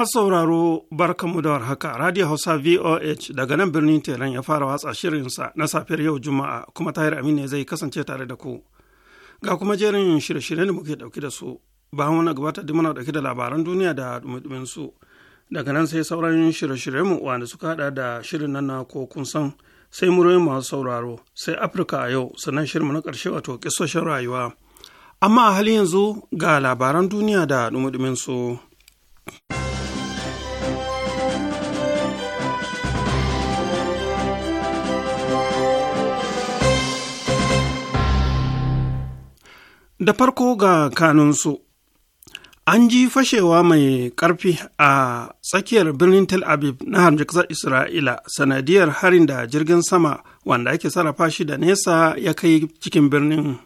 Masu sauraro barkanmu da warhaka Radio Hausa VOH daga nan birnin Teran ya fara watsa shirinsa na safiyar yau Juma'a kuma Tahir Amin ne zai kasance tare da ku. Ga kuma jerin shirye-shiryen da muke dauke da su bayan wani gabatar da muna dauke da labaran duniya da dumudumin su. Daga nan sai sauran shirye mu wanda suka hada da shirin nan na ko kun san sai muryoyin masu sauraro sai Afirka a yau sannan shirin mu na karshe wato kisoshin rayuwa. Amma a halin yanzu ga labaran duniya da dumudumin su. da farko ga kanunsu an ji fashewa mai ƙarfi a tsakiyar birnin tel aviv na harin ƙasar isra'ila sanadiyar harin da jirgin sama wanda ake sarrafa shi da nesa ya kai cikin birnin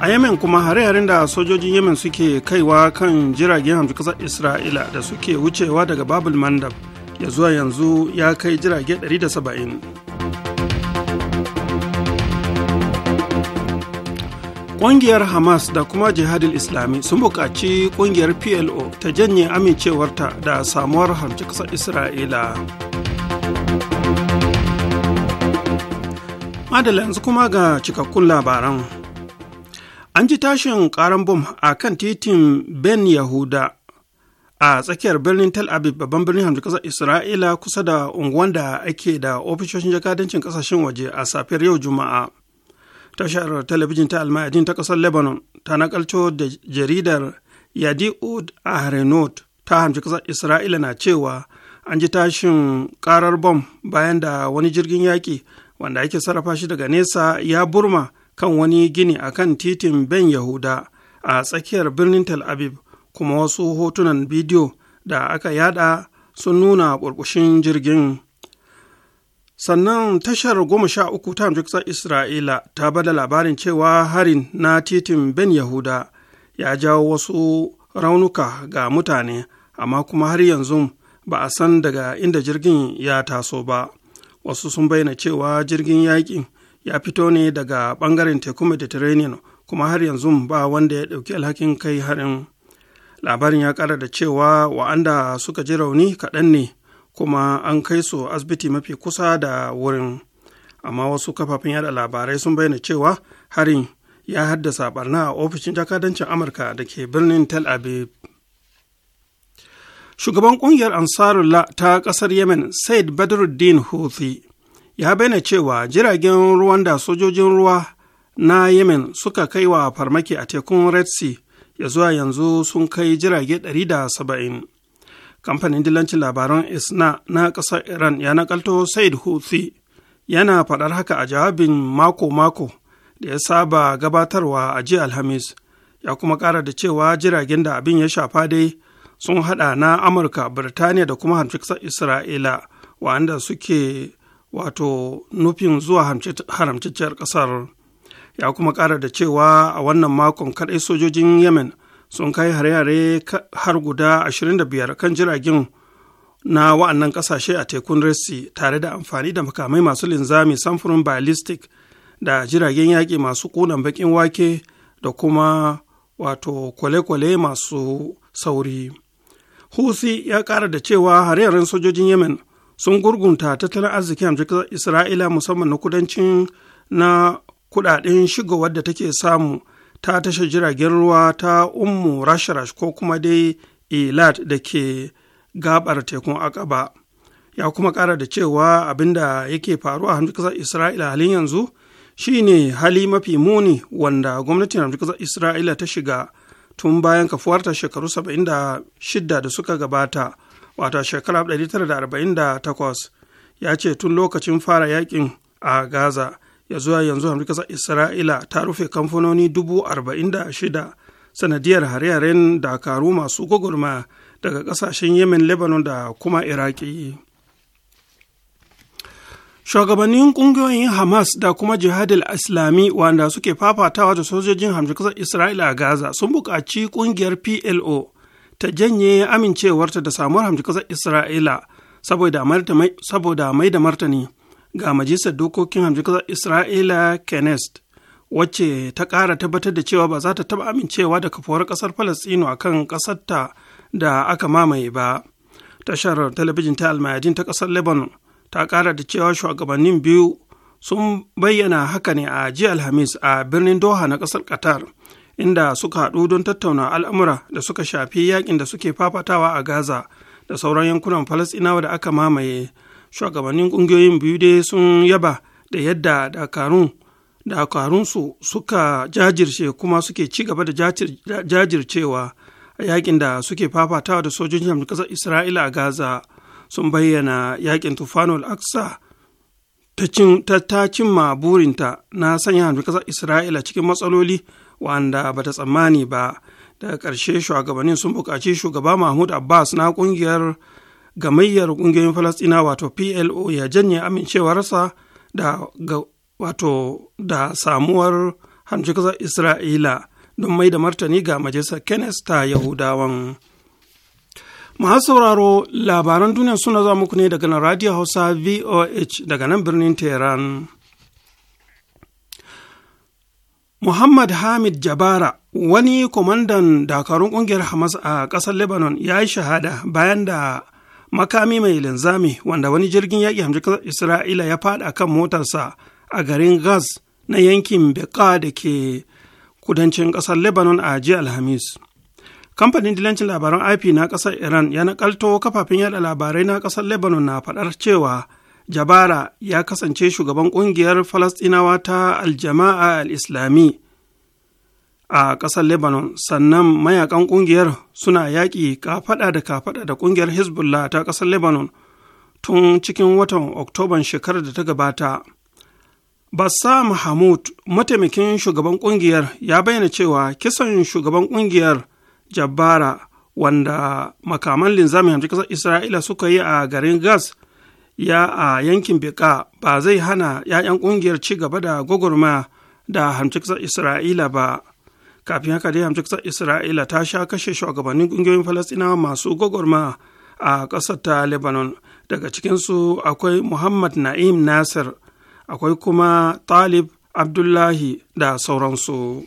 a yemen kuma hare-haren da sojojin yemen suke kaiwa kan jiragen hamsin ƙasar isra'ila da suke wucewa daga babul mandab ya zuwa yanzu ya kai jirage 170 Ƙungiyar Hamas da kuma Jihadil Islami sun buƙaci ƙungiyar PLO ta janye amincewarta da samuwar harci ƙasar Isra'ila. Madala yanzu kuma ga cikakkun labaran. An ji tashin ƙaran bom a kan titin Ben Yahuda a tsakiyar birnin Tel Aviv babban birnin hamdu ƙasar Isra'ila kusa da unguwan da ake da ofishoshin jakadancin ƙasashen waje a safiyar yau Juma'a. tashar talabijin ta almahadin ta ƙasar lebanon ta nakalco da jaridar yadi'ud ahrenot ta hamshi ƙasar isra'ila na cewa an ji tashin karar bom bayan da wani jirgin yaƙi wanda ake sarrafa shi daga nesa ya burma kan wani gini a kan titin ben yahuda a tsakiyar birnin tel aviv kuma wasu hotunan bidiyo da aka yada sun nuna ƙurƙushin jirgin sannan tashar goma sha uku ta amurkisar isra'ila ta bada labarin cewa harin na titin ben yahuda ya jawo wasu raunuka ga mutane amma kuma har yanzu ba a san daga inda jirgin ya taso ba wasu sun bayyana cewa jirgin yaƙin ya fito ne daga ɓangaren teku mediterranean kuma har yanzu ba wanda ya ɗauki alhakin kai harin labarin ya ƙara da cewa wa'anda suka ji rauni kaɗan ne kuma an kai su asibiti mafi kusa da wurin amma wasu kafafen yada labarai sun bayyana cewa harin ya haddasa barna a ofishin jakadancin amurka da ke birnin tel aviv shugaban kungiyar ansarullah ta kasar yemen said badruddin houthi ya bayyana cewa jiragen ruwan da sojojin ruwa na yemen suka kai wa farmaki a tekun red sea ya zuwa yanzu sun kai jirage 170 kamfanin dillancin labaran isna na ƙasar iran ya nakalto said huthi yana faɗar haka a jawabin mako-mako da ya saba gabatarwa a jiya alhamis ya kuma ƙara da cewa jiragen da abin ya shafa dai sun haɗa na amurka birtaniya da kuma hamshiksar isra'ila wa'anda suke wato nufin zuwa haramcicciyar ƙasar ya kuma ƙara da cewa a wannan makon kaɗai sojojin yemen sun kai hare-hare har guda 25 kan jiragen na wa'annan kasashe a tekun Resi tare da amfani da makamai masu linzami samfurin ballistic da jiragen yaƙi masu ƙunan baƙin wake da kuma wato kwale-kwale masu sauri. Husi ya ƙara da cewa hare-haren sojojin Yemen sun gurgunta tattalin arzikin amurka Isra'ila musamman na kudancin na kudaden shigowar da take samu ta tashar jiragen ruwa ta ummu rashrash ko kuma dai ilat da ke gabar tekun akaba ya kuma kara da cewa abinda yake faruwa a kasar isra'ila halin yanzu shine hali mafi muni wanda gwamnatin kasar isra'ila ta shiga tun bayan kafuwarta shekaru 76 da suka gabata wata shekara 1948 ya ce tun lokacin fara yakin a gaza ya zuwa yanzu hamdukasar isra'ila ta rufe kamfanoni dubu arba'in da shida sanadiyar hare-haren dakaru masu gwagwarma daga kasashen yemen lebanon da kuma iraki shugabannin kungiyoyin hamas da kuma jihadil islami wanda suke fafatawa da sojojin hamdukasar isra'ila a gaza sun buƙaci ƙungiyar plo ta janye amincewarta da samuwar hamdukasar isra'ila saboda mai da martani ga majalisar dokokin hamjikar isra'ila kenest wacce ta kara tabbatar da cewa ba za ta taba amincewa da kafuwar ƙasar falastino a kan ƙasarta da aka mamaye ba tashar talabijin ta almayadin ta kasar lebanon ta ƙara da cewa shugabannin biyu sun bayyana haka ne a jiya alhamis a birnin doha na ƙasar qatar inda suka haɗu don tattauna al'amura da suka shafi yakin da suke fafatawa a gaza da sauran yankunan falastinawa da aka mamaye shugabannin ƙungiyoyin biyu dai sun yaba da yadda dakarun dakarunsu suka jajirce kuma suke ci gaba da jajircewa a yakin da suke fafatawa da sojojin hamdu ƙasar isra'ila a gaza sun bayyana yakin tufanul aksa ta cimma burinta na sanya ƙasar isra'ila cikin matsaloli wanda ta tsammani ba daga karshe shugabannin sun buƙaci shugaba mahmud abbas na ƙungiyar gamayyar ƙungiyoyin falastina wato plo ya janye amincewarsa da wato da samuwar hamshikasar isra'ila don mai da martani ga majalisar kenes ta yahudawan masu sauraro labaran duniya suna zuwa muku ne daga radio hausa voh daga nan birnin tehran muhammad hamid jabara wani kwamandan dakarun kungiyar hamas a ƙasar lebanon ya yi shahada bayan da makami mai linzami wanda wani jirgin yaƙi hamjikar isra'ila ya faɗa kan motarsa a garin gas na yankin beka da ke kudancin ƙasar lebanon a jiya alhamis kamfanin dilancin labaran ip na ƙasar iran ya nakalto kafafen yada labarai na ƙasar lebanon na faɗar cewa jabara ya kasance shugaban ƙungiyar falastinawa ta aljama'a al-islami a ƙasar lebanon sannan mayakan ƙungiyar suna yaƙi kafaɗa da kafaɗa da ƙungiyar hezbollah ta ƙasar lebanon tun cikin watan oktoban shekarar da ta gabata bassa mahmud mataimakin shugaban ƙungiyar ya bayyana cewa kisan shugaban ƙungiyar jabbara wanda makaman linzamin hamsin ƙasar isra'ila suka yi a garin gas ya a yankin beka ba zai hana 'ya'yan ƙungiyar ci gaba da gwagwarmaya da hamsin ƙasar isra'ila ba kafin haka dai hamsar isra'ila ta sha kashe shugabannin ƙungiyoyin falastina masu gwagwarma a ƙasar ta lebanon daga cikinsu akwai muhammad na'im nasir akwai kuma talib abdullahi da sauransu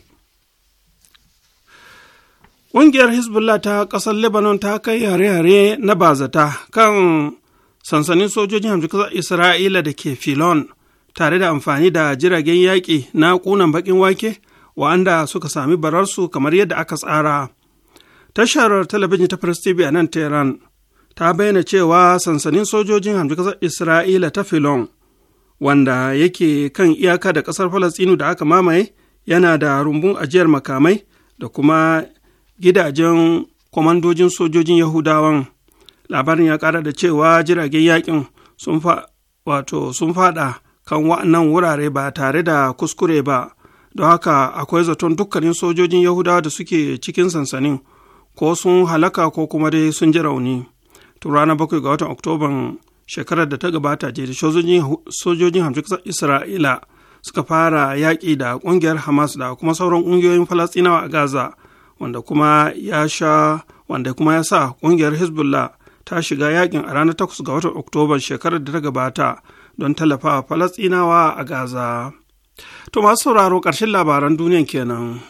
ƙungiyar hezbollah ta ƙasar lebanon ta kai hare-hare na bazata kan sansanin sojojin hamsar isra'ila da ke filon tare da amfani da jiragen yaƙi na ƙunan baƙin wake wa'anda suka sami bararsu kamar yadda aka tsara. Tashar talabijin ta Firistibi a nan Tehran ta bayyana cewa sansanin sojojin hamdukasar Isra'ila ta Filon, wanda yake kan iyaka da ƙasar falastinu da aka mamaye, yana da rumbun ajiyar makamai da kuma gidajen kwamandojin sojojin Yahudawan. Labarin ya kara da cewa jiragen yakin sun faɗa kan wa'annan wurare ba tare da kuskure ba. don haka akwai zaton dukkanin sojojin yahudawa da suke cikin sansanin ko sun halaka ko kuma dai sun ji rauni tun ranar bakwai ga watan oktoban shekarar da ta gabata ce sojojin hamshin isra'ila suka fara yaƙi da ƙungiyar hamas da kuma sauran ƙungiyoyin falastinawa a gaza wanda kuma ya sha wanda kuma ya sa ƙungiyar hezbollah ta shiga yaƙin a ranar 8 ga watan oktoban shekarar da ta gabata don tallafa falastinawa a gaza To masu sauraro ƙarshen labaran duniyan kenan.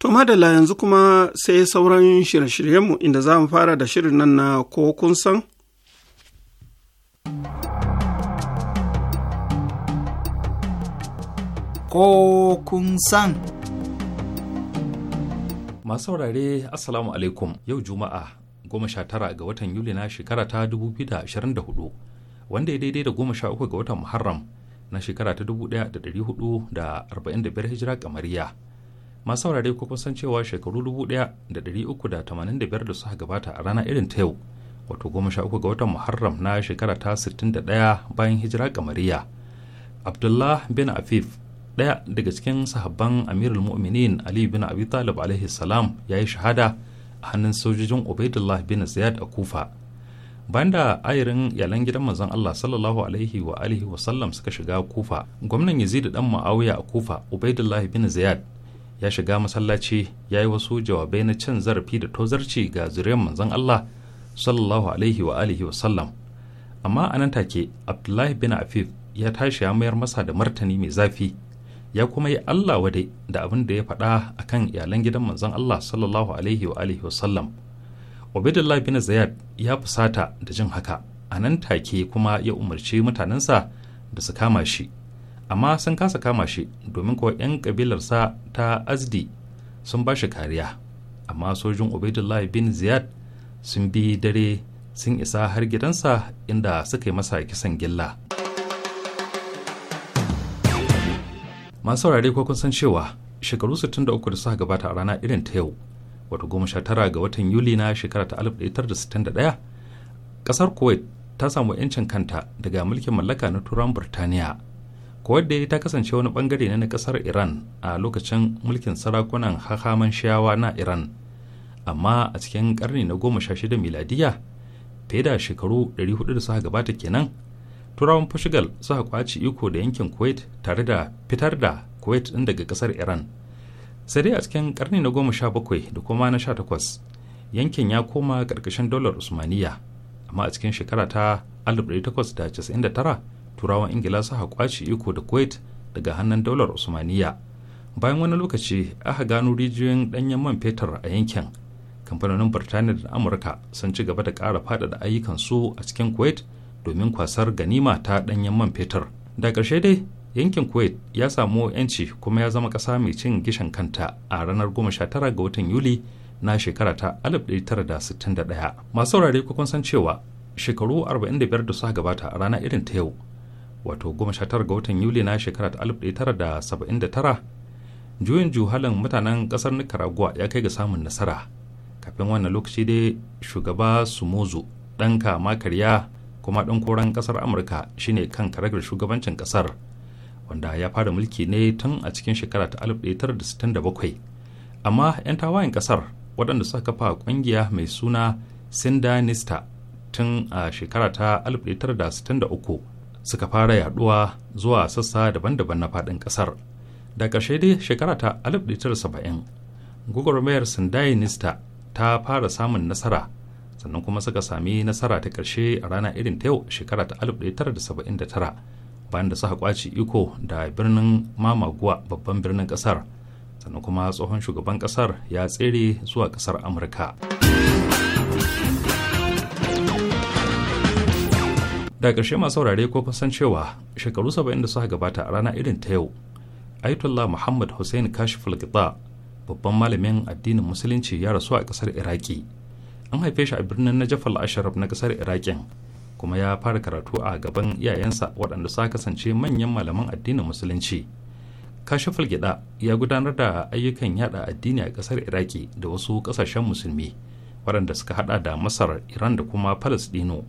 To madalla yanzu kuma sai sauran shirye-shiryenmu inda za mu fara da shirin nan na ko kun san. Ko kun san. masu saurare assalamu alaikum yau juma'a goma sha tara ga watan yuli na shekara ta dubu biyu da da ashirin hudu wanda ya daidai da goma sha uku ga watan muharram na shekara ta dubu da da da dari hudu arba'in biyar hijira kamariya masu saurare ko san cewa shekaru daya da dari uku da da da tamanin biyar suka gabata a rana irin ta yau wato goma sha uku ga watan muharram na shekara ta sittin da daya bayan hijira kamariya abdullah bin afif ɗaya daga cikin sahabban amirul mu'minin ali bin abi talib alaihi salam ya yi shahada a hannun sojojin ubaidullah bin ziyad a kufa bayan da ayirin yalan gidan manzon Allah sallallahu alaihi wa alihi wa sallam suka shiga kufa gwamnan yazid dan ma'awiya a kufa ubaidullah bin ziyad ya shiga masallaci ya yi wasu jawabai na cin zarafi da tozarci ga zuriyar manzon Allah sallallahu alaihi wa alihi wa sallam amma anan take abdullahi bin afif ya tashi ya mayar masa da martani mai zafi ya kuma yi Allah wadai da abin da ya faɗa a kan iyalan gidan manzon Allah sallallahu alaihi wa alihi wasallam. Ubaidullah bin Zayad ya fusata da jin haka, a nan take kuma ya umarci mutanensa da su kama shi. Amma sun kasa kama shi domin kuwa 'yan kabilarsa ta Azdi sun ba shi kariya. Amma sojin Ubaidullah bin Ziyad sun bi dare sun isa har gidansa inda suka yi masa kisan gilla. masu saurare ko kun san cewa shekaru 63 da suka gabata a rana irin ta yau wato 19 ga watan yuli na shekara ta 1961 kasar kuwait ta samu 'yancin kanta daga mulkin mallaka na turan burtaniya kuwait da ta kasance wani bangare ne na kasar iran a lokacin mulkin sarakunan hahaman shayawa na iran amma a cikin karni na 16 miladiya fiye da shekaru 400 da suka gabata kenan turawan portugal suka kwaci iko da yankin kuwait tare da fitar da kuwait ɗin daga ƙasar iran sai dai a cikin karni na goma sha bakwai da kuma na sha takwas yankin ya koma ƙarƙashin dolar usmaniya amma a cikin shekara ta 1899 turawan ingila suka kwaci iko da kuwait daga hannun dolar usmaniya bayan wani lokaci aka gano rijiyoyin ɗanyen man fetur a yankin kamfanonin birtaniya da amurka sun ci gaba da ƙara faɗaɗa ayyukan su a cikin kuwait domin kwasar ganima ta ɗanyen man fetur da ƙarshe dai yankin kuwait ya samu 'yanci kuma ya zama ƙasa mai cin gishan kanta a ranar 19 ga watan yuli na shekara ta 1961 masu saurare kun san cewa shekaru 45 da suka gabata a rana irin ta yau wato 19 ga watan yuli na shekara ta 1979 juyin juhalin mutanen ƙasar nicaragua ya kai ga samun nasara kafin wannan lokaci dai shugaba Sumozu ɗan kama karya kuma ɗan koren ƙasar amurka shine kan karagar shugabancin ƙasar wanda ya fara mulki ne tun a cikin shekara ta 1967 amma 'yan tawayen ƙasar waɗanda suka kafa ƙungiya mai suna sindanista tun a shekara ta 1963 suka fara yaɗuwa zuwa sassa daban-daban na faɗin ƙasar da ƙarshe dai shekara ta 1970 gugurmayar sindanista ta fara samun nasara sannan kuma suka sami nasara ta karshe a rana irin ta yau shekara ta 1979 bayan da suka kwaci iko da birnin mamaguwa babban birnin ƙasar sannan kuma tsohon shugaban ƙasar ya tsere zuwa ƙasar amurka da karshe masu saurare ko kusan cewa shekaru 70 da suka gabata a rana irin ta yau Aitullah Muhammad Hussein Kashif al babban malamin addinin musulunci ya rasu a ƙasar Iraki. an haife shi a birnin najaf al-asharaf na kasar iraƙin kuma ya fara karatu a gaban iyayensa waɗanda sa kasance manyan malaman addinin musulunci kashifal gida ya gudanar da ayyukan yada addini a kasar iraki da wasu kasashen musulmi waɗanda suka hada da masar iran da kuma palestino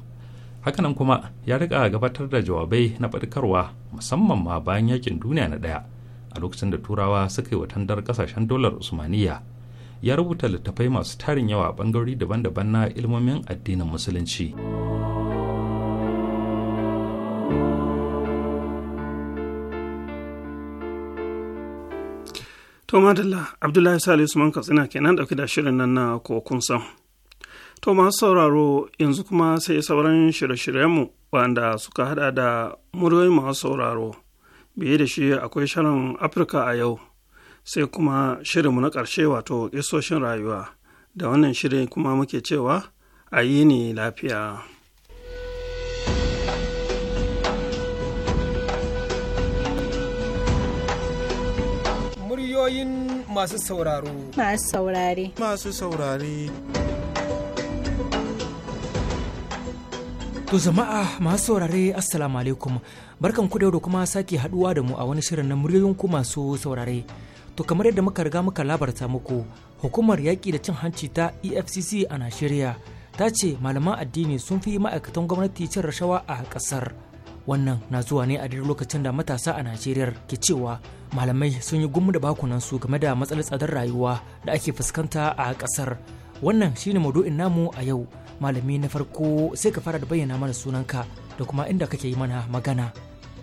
hakanan kuma ya rika gabatar da jawabai na faɗakarwa musamman ma bayan yakin duniya na ɗaya a lokacin da turawa suka yi watandar kasashen dolar usmaniya ya rubuta littattafai masu tarin yawa a bangarori daban-daban na ilmomin addinin musulunci. To madalla Abdullahi Salisu Usman Katsina kenan dauke da shirin nan na kokunsa. To masu sauraro yanzu kuma sai sauran shirye-shiryenmu wanda suka hada da muryoyi masu sauraro. Biye da shi akwai shirin Afirka a yau. sai kuma shirinmu na ƙarshe wato ƙisoshin rayuwa da wannan shirin kuma muke cewa a yi ni lafiya. Muryoyin masu sauraro. Masu saurare. Masu saurare. To jama'a masu saurare assalamu alaikum barkan ku da kuma sake haduwa da mu a wani shirin na muryoyin ku masu saurare. To kamar yadda muka riga muka labarta muku, hukumar yaƙi da cin hanci ta EFCC a Najeriya ta ce malaman addini sun fi ma'aikatan gwamnati cin rashawa a ƙasar. Wannan na zuwa ne a duk lokacin da matasa a Najeriya ke cewa malamai sun yi gumu da su game da matsalar tsadar rayuwa da ake fuskanta a ƙasar. Wannan shine maudu'in namu a yau. Malami na farko sai ka fara da bayyana mana sunanka da kuma inda kake yi mana magana.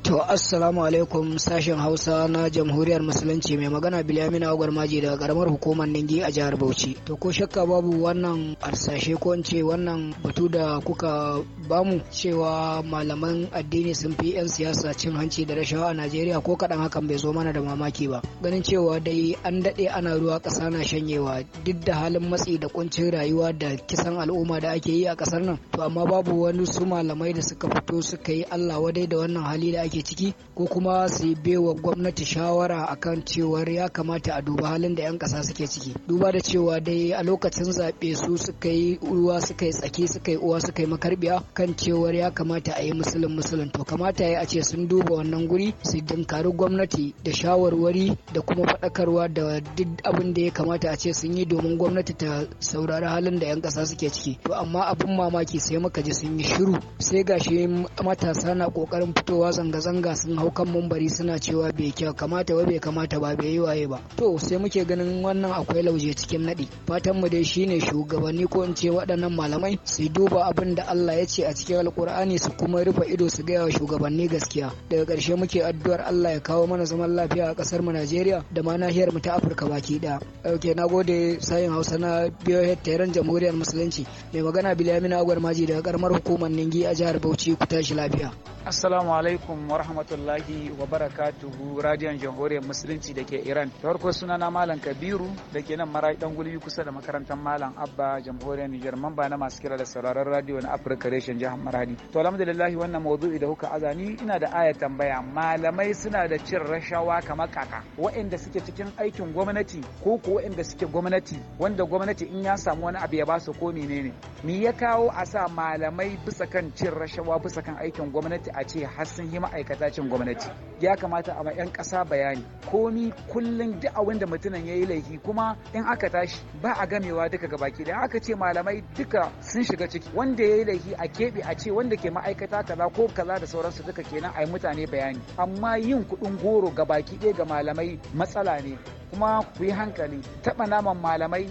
To assalamu alaikum sashen Hausa na Jamhuriyar Musulunci mai magana Bilyamin Awgar Maji daga karamar hukumar Ningi a jihar Bauchi. To ko shakka babu wannan arsashe ko ce wannan batu da kuka bamu cewa malaman addini sun fi 'yan siyasa cin hanci da rashawa a Najeriya ko kaɗan hakan bai zo mana da mamaki ba. Ganin cewa dai an daɗe ana ruwa ƙasa na shanyewa duk da halin matsi da kuncin rayuwa da kisan al'umma da ake yi a ƙasar nan. To amma babu wani su malamai da suka fito suka yi Allah wadai da wannan hali da ake ciki ko kuma su baiwa gwamnati shawara akan cewar ya kamata a duba halin da 'yan kasa suke ciki duba da cewa dai a lokacin zaɓe su suka yi uwa suka yi tsaki suka yi uwa suka yi makarbiya kan cewar ya kamata a yi musulun musulun to kamata ya a ce sun duba wannan guri su dinkari gwamnati da shawarwari da kuma faɗakarwa da duk abin da ya kamata a ce sun yi domin gwamnati ta saurari halin da 'yan kasa suke ciki to amma abin mamaki sai muka ji sun yi shiru sai gashi matasa na ƙoƙarin fitowa zanga zanga-zanga sun hau kan mumbari suna cewa bai kyau kamata ba bai kamata ba bai yi waye ba to sai muke ganin wannan akwai lauje cikin nadi. fatan mu dai shine shugabanni ko in ce waɗannan malamai su duba abin da Allah ya ce a cikin alkur'ani su kuma rufe ido su gaya wa shugabanni gaskiya daga ƙarshe muke addu'ar Allah ya kawo mana zaman lafiya a ƙasar mu Najeriya da ma nahiyar mu ta Afirka baki ɗaya okay nagode sayin Hausa na biyo Tairan jamhuriyar musulunci mai magana Bilamina Agwar Maji daga karamar hukumar Ningi a jihar Bauchi ku tashi lafiya assalamu alaikum alaikum wa rahmatullahi barakatuhu radiyon jamhuriyar musulunci da ke Iran. Da farko suna na Malam Kabiru da ke nan marayi dan gulbi kusa da makarantar Malam Abba jamhuriyar Nijar mamba na masu kira da sauraron radiyo na Afirka Reshen jihar Maradi. To alhamdulillah wannan maudu'i da kuka azani ina da aya tambaya malamai suna da cin rashawa kamar kaka waɗanda suke cikin aikin gwamnati ko ko waɗanda suke gwamnati wanda gwamnati in ya samu wani abu ya ba su ko menene. Me ya kawo a sa malamai bisa kan cin rashawa bisa kan aikin gwamnati a ce har sun hima ma'aikata cin gwamnati ya kamata a yan ƙasa bayani komi kullum duk abin da mutumin ya yi laifi kuma in aka tashi ba a gamewa duka ga baki da aka ce malamai duka sun shiga ciki wanda ya yi laifi a keɓe a ce wanda ke ma'aikata kaza ko kaza da sauransu duka kenan a yi mutane bayani amma yin kuɗin goro ga baki ɗaya ga malamai matsala ne kuma ku yi hankali taɓa naman malamai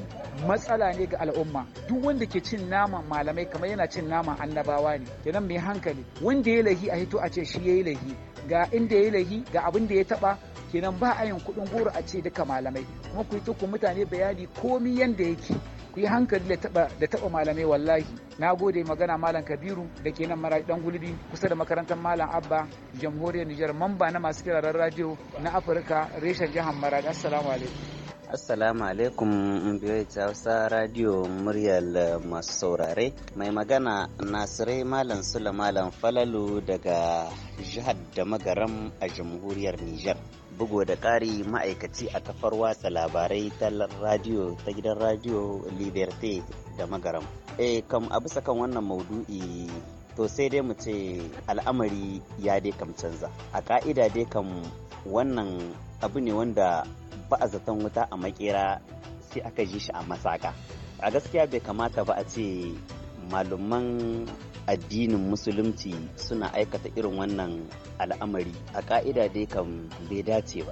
matsala ne ga al'umma duk wanda ke cin naman malamai kamar yana cin naman annabawa ne kenan mai hankali wanda ya lahi a hito a ce shi ya yi lahi ga inda ya lahi ga abin da ya taɓa kenan ba a yin kudin goro a ce duka malamai kuma ku yi tukun mutane bayani komi yanda yake ku yi hankali da taɓa da taba malamai wallahi na gode magana malam kabiru da ke nan maraji ɗan gulbi kusa da makarantar malam abba jamhuriyar nijar mamba na masu kiraren radio na afirka reshen jihar maraji assalamu alaikum Assalamu alaikum biyoyi Hausa Radio muryar masu saurare. Mai magana Nasirai Malam Sula Malam Falalu daga jihar da magaram a jamhuriyar Nijar. Bugu da ƙari ma'aikaci a kafar watsa labarai ta radio ta gidan radio Liberté da magaram. Eh kam a bisa kan wannan maudu'i to sai dai mu ce al'amari ya dai kam canza. A ka'ida dai kam wannan abu ne wanda ba a zaton wuta a makera sai aka ji shi a masaka a gaskiya bai kamata ba a ce malaman addinin musulunci suna aikata irin wannan al'amari a ka'ida dai kan bai dace ba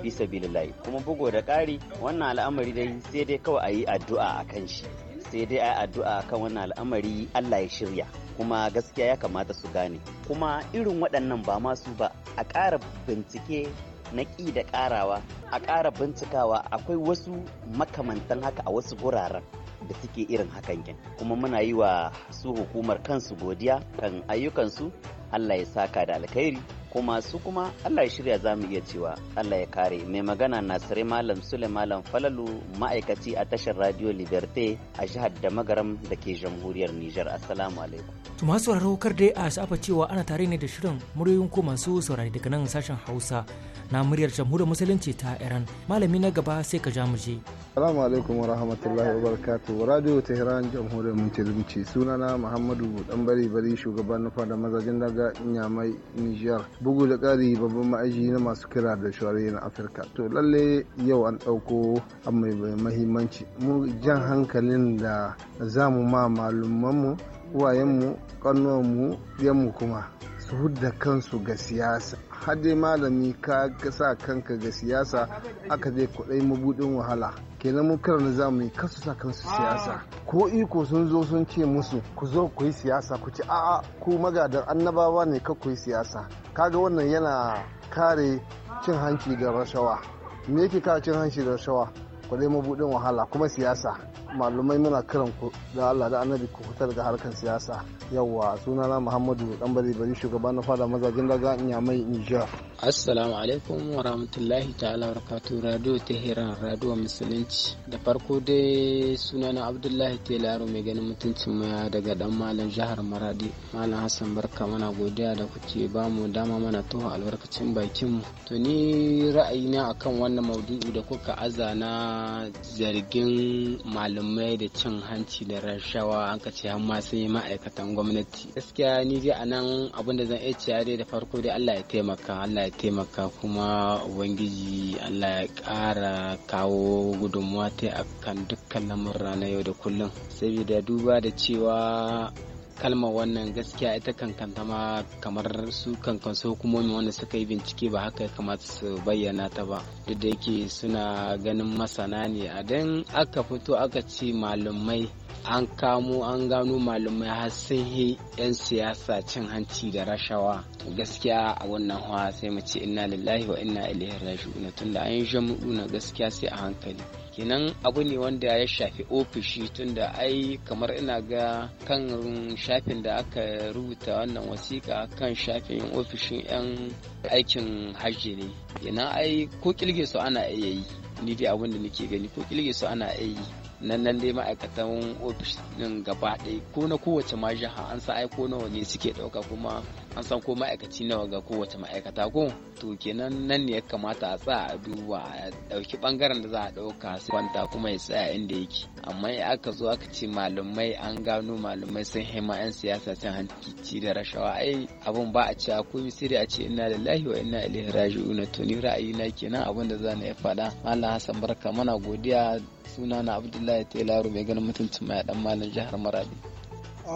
bisa bilalai kuma bugu da ƙari wannan al'amari dai sai dai kawai a yi addu'a a kan shi sai dai a yi addu'a a kan wannan al'amari allah ya shirya kuma gaskiya ya kamata su gane kuma irin waɗannan ba masu ba a ƙara bincike na ƙi da ƙarawa a ƙara bincikawa akwai wasu makamantan haka a wasu guraren da suke irin hakan kin kuma muna yi wa su hukumar kansu godiya kan ayyukansu allah ya saka da alkhairi kuma su kuma Allah ya shirya za mu iya cewa Allah ya kare mai magana Nasiru Malam Sule Falalu ma'aikaci a tashar Radio Liberté a jihar da da ke jamhuriyar Nijar Assalamu alaikum. To masu sauraro kar dai a shafa cewa ana tare ne da shirin muryoyin ko masu saurari daga nan sashen Hausa na muryar jamhuriyar musulunci ta Iran malami na gaba sai ka ja mu je. Assalamu alaikum wa rahmatullahi wa barakatuh Radio Tehran jamhuriyar musulunci sunana Muhammadu Dambari Bari shugaban na fada mazajin daga Nyamai Nijar. bugu da ƙari babban ma'aji na masu kira da shawarai na afirka to lalle yau an ɗauko a mai mahimmanci mu jan hankalin da za mu ma malumanmu uwayenmu ƙanuwanmu yanmu kuma su hudda kansu ga siyasa dai malami ka sa kanka ga siyasa aka je kudai mabudin wahala kenan mun na zamani kar su sa kansu siyasa ko iko sun zo sun ce musu ku zo ku yi siyasa ku ci a'a ku magadan annabawa ne ka ku yi siyasa kaga wannan yana kare cin hanci da rashawa me yake kare cin hanci da rashawa kudai mabudin wahala kuma siyasa malumai muna kiran ku da Allah da annabi ku fita daga harkan siyasa yawwa sunana muhammadu dan bari bari shugaba na fada mazajen daga nyamai nijar assalamu alaikum wa rahmatullahi ta'ala wa barakatuh radio tehran radio musulunci da farko dai sunana abdullahi telaro mai ganin mutuncin maya daga dan malam jihar maradi malam hassan barka mana godiya da kuke ba mu dama mana toho albarkacin bakin mu to ni ra'ayi na akan wannan maudu'i da kuka aza na zargin malamai da cin hanci da rashawa an ka ce har ma sai ma'aikatan gwamnati gaskiya ni dai a nan abinda zan iya cewa da farko dai Allah ya taimaka Allah ya taimaka kuma ubangiji Allah ya ƙara kawo gudunmuwa ta akan dukkan lamurra na yau da kullum saboda duba da cewa kalmar wannan gaskiya ita ta ma kamar su kankansu hukumomi wanda suka yi bincike ba haka ya kamata su bayyana ta ba duk da yake suna ganin masana ne a dan aka fito aka ce malumai an kamo an gano malumai har sun yi 'yan siyasa cin hanci da rashawa gaskiya a wannan hawa sai mu ce inna lillahi wa inna ilaihi raji'un tunda an na gaskiya sai a hankali kenan abu ne wanda ya shafi ofishi tunda ai kamar ina ga kan shafin da aka rubuta wannan wasiƙa kan shafin ofishin 'yan aikin hajji ne kenan ai ko kilge su ana iya yi ni dai abin da nake gani ko kilge su ana iya yi nan ma'aikatan ofis din gaba ɗaya ko na kowace ma jiha an sa aiko nawa ne suke ɗauka kuma an san ko ma'aikaci nawa ga kowace ma'aikata ko to kenan nan ne ya kamata a tsaya a duba a ɗauki ɓangaren da za a ɗauka su kwanta kuma ya tsaya inda yake amma in aka zo aka ce malamai an gano malamai sun haima 'yan siyasa cin hankici da rashawa ai abun ba a cewa ko misiri a ce inna lillahi wa inna ilaihi na to ni ra'ayina kenan abun da za na ya faɗa Allah hasan barka mana godiya suna na abdullahi telaru mai ganin mutuncin mai dan malam jihar maradi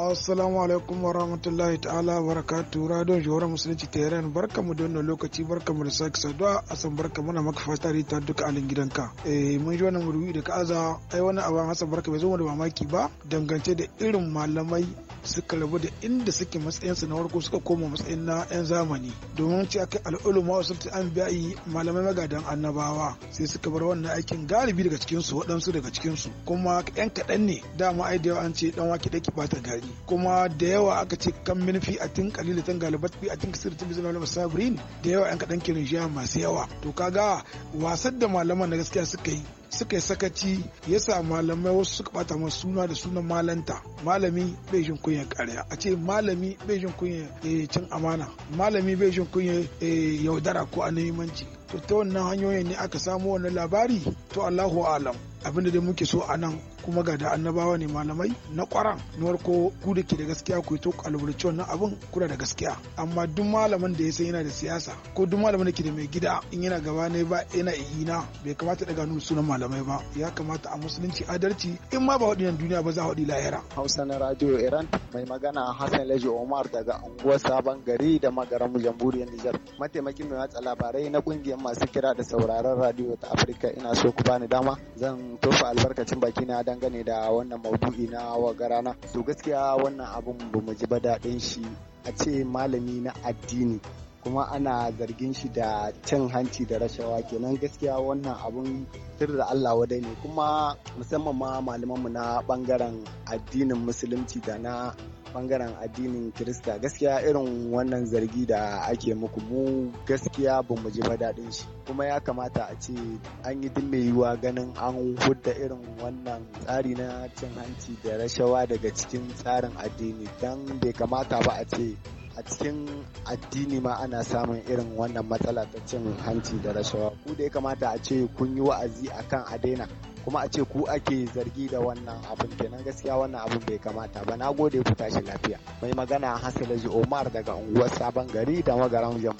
assalamu alaikum wa rahmatullahi ta'ala barakatu radon shawarar musulunci tehran barka mu da wannan lokaci barka mu da sake saduwa a san barka muna maka fata da ta duka alin gidanka eh mun ji wannan murwi da ka ai wani abu hasan barka bai zo da mamaki ba dangance da irin malamai suka rabu da inda suke matsayinsu na farko suka koma matsayin na 'yan zamani domin ci aka al'uluma wasu ta an biya malamai magadan annabawa sai suka bar wannan aikin galibi daga cikinsu waɗansu daga cikinsu kuma 'yan kaɗan ne dama ai da yawa an ce dan wake daki bata gari kuma da yawa aka ce kan minfi a tin kalilatan galibat bi a tin kasir tin bizin ulama sabrin da yawa 'yan kaɗan kirin masu yawa to kaga wasar da malaman na gaskiya suka yi suka yi sakaci ya sa malamai wasu suka bata masu suna da sunan malanta malami bai jin karya a ce malami bai jin kunyan eh, cin amana malami bai jin kunyan eh, yaudara ko annabimanci to ta wannan hanyoyin ne aka samu wani labari to Allahu alam abinda dai muke so a nan kuma ga da annabawa ne malamai na kwaran na warko ku da ke da gaskiya ku to albarci wannan abin kuna da gaskiya amma duk malamin da ya san yana da siyasa ko duk malamin da ke da mai gida in yana gaba ne ba yana ihina bai kamata daga nuna sunan malamai ba ya kamata a musulunci adalci in ma ba waɗannan duniya ba za a waɗi lahira. Hausa na Radio Iran mai magana Hassan Laji Omar daga unguwar Sabon Gari da magaran Jamhuriyar Nijar. Mataimakin mai watsa labarai na ƙungiyar masu kira da sauraron radio ta Afirka ina so ku bani dama zan tofa albarkacin baki na dangane da wannan maudu'i na wagarana to gaskiya wannan abun ba mu ji ba daɗin shi a ce malami na addini kuma ana zargin shi da cin hanci da rashawa kenan gaskiya wannan abun sir da Allah wadai ne kuma musamman ma malamanmu na bangaren addinin musulunci da na bangaren addinin Kirista gaskiya irin wannan zargi da ake muku mu gaskiya ba mu ji ba daɗin shi kuma ya kamata a ce an yi duk mai ganin an hudda irin wannan tsari na cin hanci da rashawa daga cikin tsarin addini don bai kamata ba a ce a cikin addini ma ana samun irin wannan matsala ta cin hanci da rashawa ku da ya kamata a ce kun yi wa'azi akan a daina kuma a ce ku ake zargi da wannan abin kenan gaskiya wannan abin bai kamata ba na gode ku tashi lafiya mai magana hasalaji omar daga unguwar sabon gari da magaran jam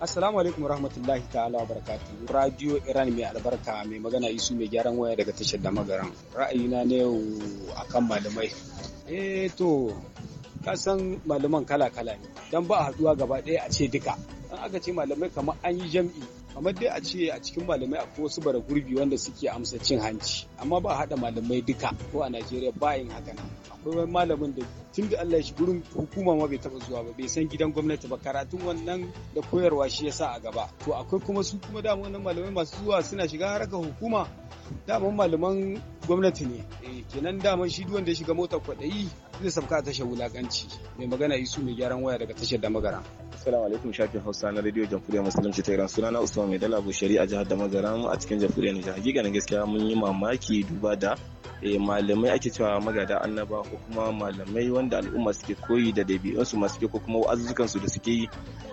Assalamu alaikum rahmatullahi ta'ala wa barakatuh. Radio Iran mai albarka mai magana isu mai gyaran waya daga tashar da magaran. Ra'ayina ne yau akan malamai. Eh to ka san malaman kala-kala ne. Dan ba a haduwa gaba ɗaya a ce duka. Dan aka ce malamai kamar an yi jam'i kamar dai a ce a cikin malamai akwai wasu bara gurbi wanda suke amsa cin hanci amma ba haɗa malamai duka ko a najeriya ba haka nan akwai wani malamin da tun da allah shi gurin hukuma ma bai taba zuwa ba bai san gidan gwamnati ba karatun wannan da koyarwa shi yasa a gaba to akwai kuma su kuma dama wannan malamai masu zuwa suna shiga harkar hukuma daman malaman gwamnati ne eh, kenan daman shi duwanda ya shiga motar kwaɗayi zai sauka a tashar wulakanci mai magana isu mai gyaran waya daga tashar damagara assalamu alaikum shafin hausa na radio jamhuriyar musulunci ta iran sunana usman mai dala bushari a jihar damagara a cikin jamhuriyar nijar hakikanin gaskiya mun yi mamaki duba da eh, malamai ake cewa magada annaba ko kuma malamai wanda al'umma suke koyi da ɗabi'unsu masu kyau ko kuma wa'azuzukansu da suke yi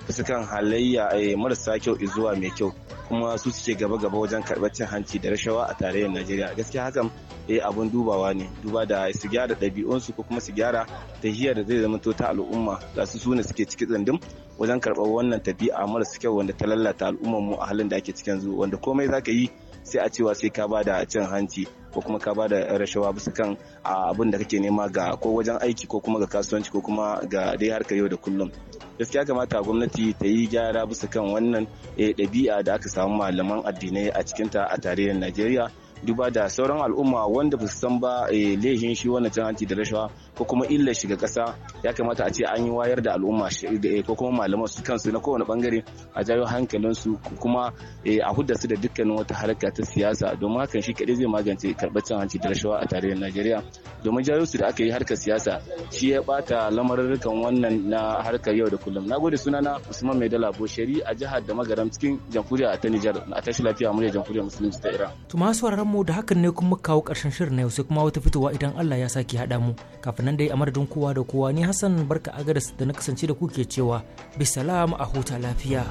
su kan halayya eh, marasa kyau izuwa mai kyau kuma su suke gaba-gaba wajen karɓar cin hanci da rashawa a tarayyar najeriya gaskiya hakan eh abun dubawa ne duba da su gyara ɗabi'unsu ko kuma su gyara tahiyar da zai zama to ta al'umma ga su sune suke cikin tsandin. wajen karɓar wannan tabi'a marasa kyau wanda ta lalata al'ummar mu a halin da ake cikin zu wanda komai ka yi sai a cewa sai ka ba da cin hanci ko kuma ka bada rashawa bisa kan abin da kake nema ga ko wajen aiki ko kuma ga kasuwanci ko kuma ga dai harkar yau da kullum gaskiya kamata gwamnati ta yi gyara bisa kan wannan eh, ɗabi'a da aka samu malaman addinai a cikinta a tarihin najeriya duba da sauran al'umma wanda ba su san ba eh, laifin shi wannan cin hanci da rashawa ko kuma illar shiga ƙasa ya kamata a ce an yi wayar da al'umma eh, ko kuma malaman su kansu na kowane bangare a jawo hankalinsu kuma eh, a hudda su da dukkanin wata harka ta siyasa domin hakan shi kaɗai zai magance karɓar cin hanci da rashawa a tarihin najeriya domin jawo su da aka yi harkar siyasa shi ya ɓata lamarurrukan wannan na harkar yau da kullum na gode sunana usman maidala bosheri a jihar da magaram cikin jamhuriya ta nijar a tashi lafiya ne jamhuriyar musulunci ta iran. mu da hakan ne kuma kawo ƙarshen shirin na yau sai kuma wata fitowa idan Allah ya saki haɗa mu kafin nan dai a madadin kowa da kowa ni Hassan barka agadas da na kasance da kuke cewa bisalam a huta lafiya.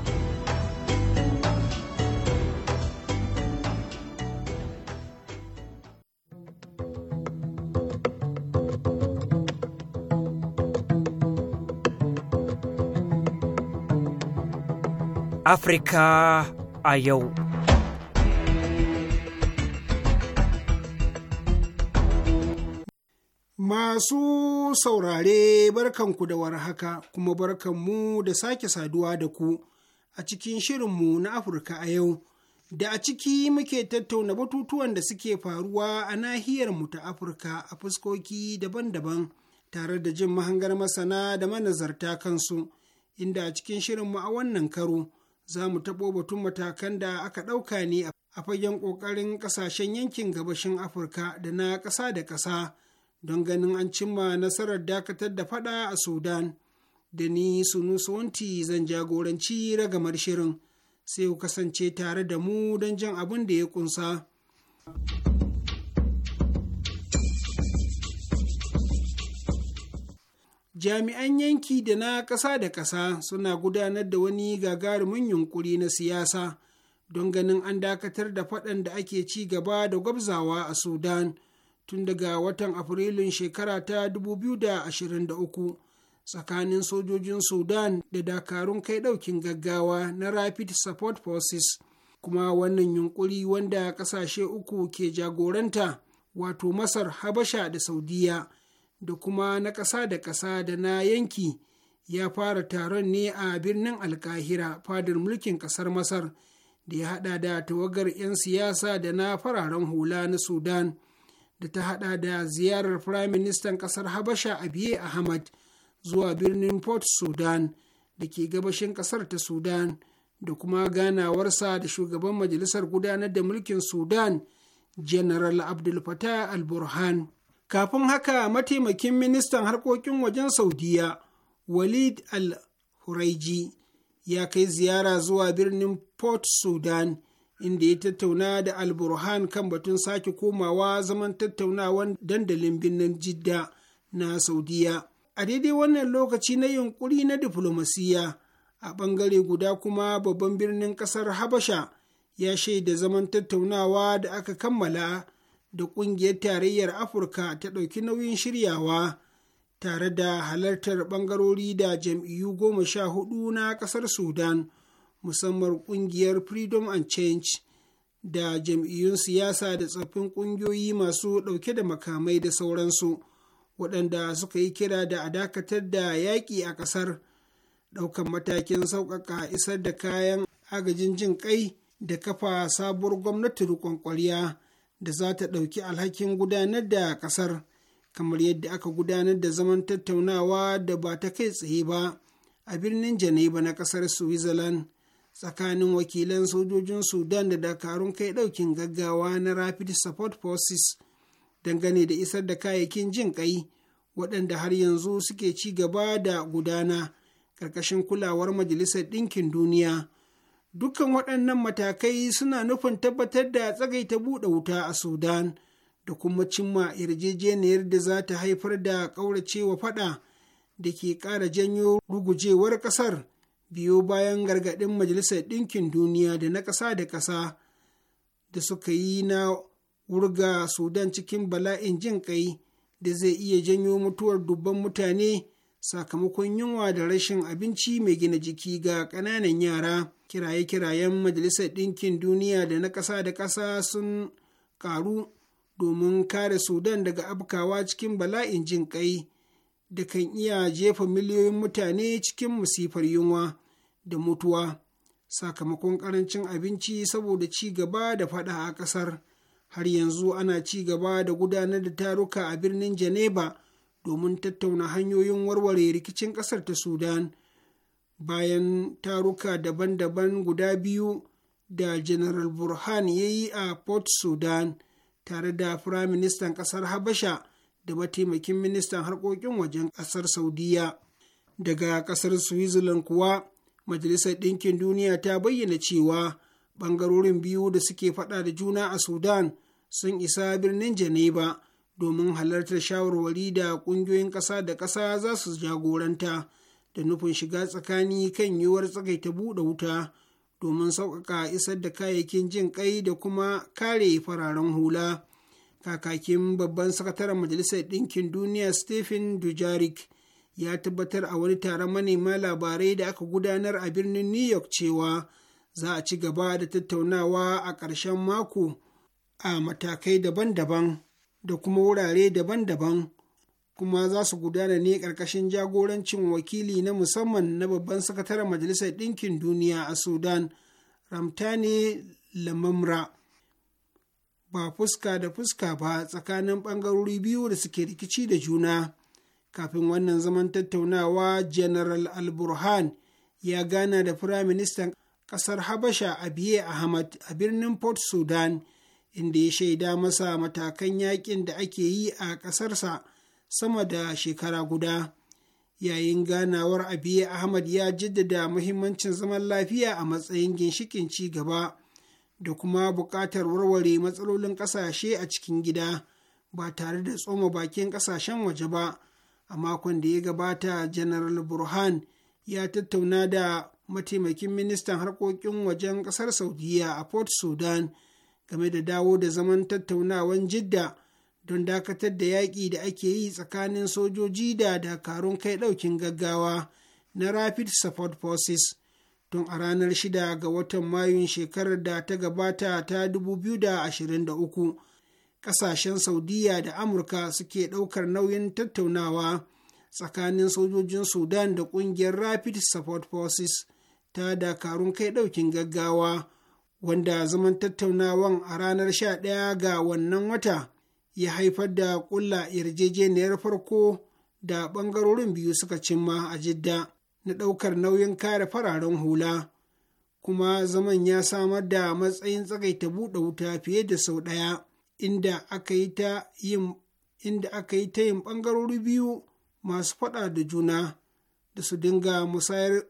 afrika a yau. Masu saurare barkanku da warhaka kuma barkanmu da sake saduwa da ku a cikin shirinmu na Afirka a yau. Da a ciki muke tattauna batutuwan da suke faruwa a nahiyar mu ta Afirka a fuskoki daban-daban tare da jin mahangar masana da manazarta kansu, inda a cikin shirinmu a wannan karo za mu taɓo batun matakan da aka ɗauka ne a fagen ƙoƙarin ƙasashen yankin gabashin Afirka da na ƙasa da ƙasa. don ganin an cimma nasarar dakatar da fada a Sudan. Da ni sunusuwanti zan jagoranci ragamar shirin sai ku kasance tare da mu don jan abin da ya kunsa. jami'an yanki da na ƙasa da ƙasa suna gudanar da wani gagarumin yunkuri na siyasa don ganin an dakatar da faɗan da ake ci gaba da gwabzawa a sudan tun daga watan afrilun shekara ta 2023 tsakanin sojojin sudan da dakarun kai ɗaukin gaggawa na rapid support forces kuma wannan yunkuri wanda kasashe uku ke jagoranta wato masar habasha da saudiya da kuma na ƙasa da ƙasa da na yanki ya fara taron ne a birnin alkahira fadar mulkin ƙasar masar da ya haɗa da tawagar 'yan siyasa da na fararen hula na sudan da ta hada da ziyarar firayim ministan kasar habasha abiye ahmad zuwa birnin port sudan da ke gabashin kasar ta sudan da kuma ganawarsa da shugaban majalisar gudanar da mulkin sudan general abdul fatah al-burhan kafin haka mataimakin ministan harkokin wajen saudiya walid al-huraiji ya kai ziyara zuwa birnin port sudan inda ya tattauna da alburhan kan batun sake komawa zaman tattaunawan dandalin birnin jidda na saudiya a daidai wannan lokaci na yunkuri na diflomasiyya a ɓangare guda kuma babban birnin ƙasar habasha ya shaida zaman tattaunawa da aka kammala da ƙungiyar tarayyar afirka ta ɗauki nauyin shiryawa tare da halartar ɓangarori da jam'iyyu goma sha hudu na ƙasar sudan musamman ƙungiyar freedom and change da jam'iyyun siyasa da tsoffin ƙungiyoyi masu ɗauke da makamai da sauransu waɗanda suka yi kira da a dakatar da yaƙi a ƙasar ɗaukan matakin sauƙaƙa isar da kayan agajin jin ƙai da kafa sabuwar gwamnati riƙon ƙwarya da za ta ɗauki alhakin gudanar da ƙasar kamar yadda aka gudanar da zaman tattaunawa da ba ta kai tsaye ba a birnin janeba na ƙasar switzerland tsakanin wakilan sojojin sudan da dakarun kai ɗaukin gaggawa na rapid support forces dangane da isar da kayayyakin jin ƙai waɗanda har yanzu suke ci gaba da gudana ƙarƙashin kulawar majalisar ɗinkin duniya dukkan waɗannan matakai suna nufin tabbatar da tsagaita buɗe wuta a sudan da kuma cimma yarjejeniyar da za ta haifar da ƙauracewa faɗa da ke ƙara janyo rugujewar ƙasar biyo bayan gargaɗin majalisar ɗinkin duniya da na ƙasa da ƙasa da suka yi na wurga sudan cikin bala'in jin ƙai da zai iya janyo mutuwar dubban mutane sakamakon yunwa da rashin abinci mai gina jiki ga ƙananan yara kiraye-kirayen majalisar ɗinkin duniya da na ƙasa da ƙasa sun ƙaru domin kare sudan daga afkawa cikin bala'in jin ƙai da kan iya jefa miliyoyin mutane cikin musifar yunwa da mutuwa sakamakon karancin abinci saboda ci gaba da fada a kasar har yanzu ana ci gaba da gudanar da taruka a birnin Geneva domin tattauna hanyoyin warware rikicin kasar ta Sudan bayan taruka daban-daban guda biyu da General Burhan ya yi a Port Sudan tare da Firaministan ƙasar Habasha da mataimakin ministan harkokin wajen ƙasar saudiya daga ƙasar switzerland kuwa majalisar ɗinkin duniya ta bayyana cewa ɓangarorin biyu da suke faɗa da juna a sudan sun isa birnin geneva domin halartar shawarwari da ƙungiyoyin ƙasa da ƙasa za su jagoranta da nufin shiga tsakani kan yiwuwar tsakaita buɗe wuta domin sauƙaƙa isar da kayayyakin jin ƙai da kuma kare fararen hula kakakin babban sakataren majalisar ɗinkin duniya stephen dujarik ya tabbatar a wani taron manema labarai da aka gudanar a birnin new york cewa za a ci gaba da tattaunawa a ƙarshen mako a matakai daban-daban da kuma wurare daban-daban kuma za su gudana ne ƙarƙashin jagorancin wakili na musamman na babban sakataren majalisar ɗinkin duniya a sudan ramtane lamamra ba fuska da fuska ba tsakanin ɓangarori biyu da suke rikici da juna kafin wannan zaman tattaunawa general alburhan ya gana da firaministan ƙasar habasha abiye ahmad a birnin port sudan inda ya shaida masa matakan yakin da ake yi a ƙasarsa sama da shekara guda yayin ganawar abiye ahmad ya jaddada muhimmancin zaman lafiya a matsayin ginshikin ci gaba da kuma buƙatar warware matsalolin ƙasashe a cikin gida ba tare da tsoma bakin ƙasashen waje ba a makon da ya gabata general burhan ya tattauna da mataimakin ministan harkokin wajen ƙasar saudiya a port sudan game da dawo da zaman tattaunawan jidda don dakatar da yaƙi da ake yi tsakanin sojoji da dakarun kai ɗaukin gaggawa na rapid support forces tun a ranar shida ga watan mayun shekarar da ta gabata ta 2023 ƙasashen saudiya da amurka suke ɗaukar nauyin tattaunawa tsakanin sojojin sudan da ƙungiyar rapid support forces ta dakarun kai ɗaukin gaggawa wanda zaman tattaunawan a ranar 11 ga wannan wata ya haifar da ƙulla yarjejeniyar farko da ɓangarorin biyu suka cimma a jidda na ɗaukar nauyin kare fararen hula kuma zaman ya samar da matsayin tsagaita buɗe wuta fiye da sau ɗaya inda aka yi ta yin ɓangarori biyu masu faɗa da juna da su dinga musayar